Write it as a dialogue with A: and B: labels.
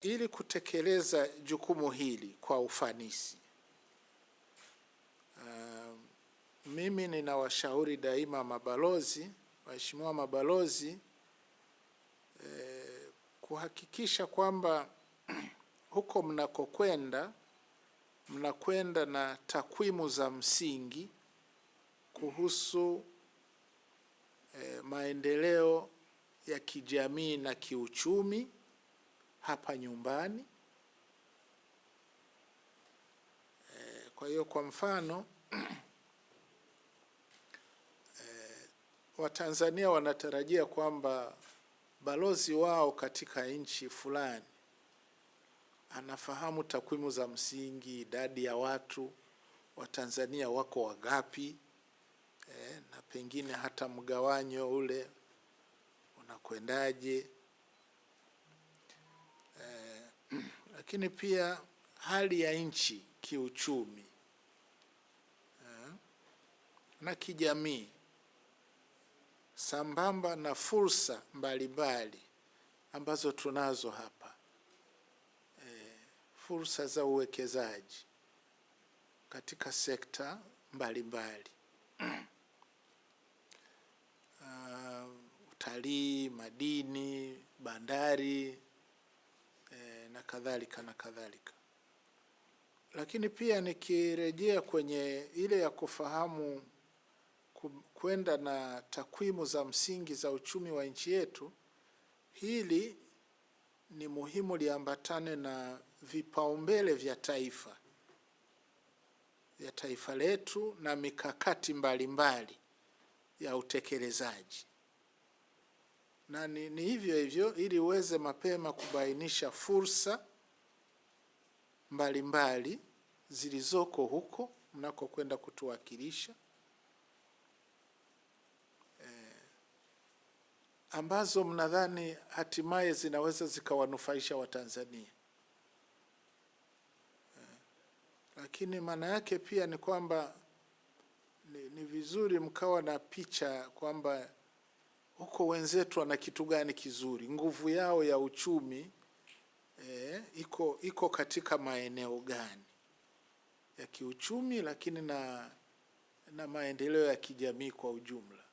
A: Ili kutekeleza jukumu hili kwa ufanisi, um, mimi ninawashauri daima mabalozi, waheshimiwa mabalozi eh, kuhakikisha kwamba huko mnakokwenda mnakwenda na takwimu za msingi kuhusu eh, maendeleo ya kijamii na kiuchumi hapa nyumbani. Eh, kwa hiyo kwa mfano eh, Watanzania wanatarajia kwamba balozi wao katika nchi fulani anafahamu takwimu za msingi, idadi ya watu Watanzania wako wangapi, e, na pengine hata mgawanyo ule unakwendaje. lakini pia hali ya nchi kiuchumi eh, na kijamii sambamba na fursa mbalimbali ambazo tunazo hapa e, fursa za uwekezaji katika sekta mbalimbali ah, utalii, madini, bandari na kadhalika na kadhalika. Lakini pia nikirejea kwenye ile ya kufahamu kwenda na takwimu za msingi za uchumi wa nchi yetu, hili ni muhimu liambatane na vipaumbele vya taifa vya taifa letu na mikakati mbalimbali mbali ya utekelezaji na ni, ni hivyo hivyo ili uweze mapema kubainisha fursa mbalimbali zilizoko huko mnako kwenda kutuwakilisha eh, ambazo mnadhani hatimaye zinaweza zikawanufaisha Watanzania eh, lakini maana yake pia ni kwamba ni, ni vizuri mkawa na picha kwamba huko wenzetu wana kitu gani kizuri? Nguvu yao ya uchumi eh, iko iko katika maeneo gani ya kiuchumi, lakini na na maendeleo ya kijamii kwa ujumla.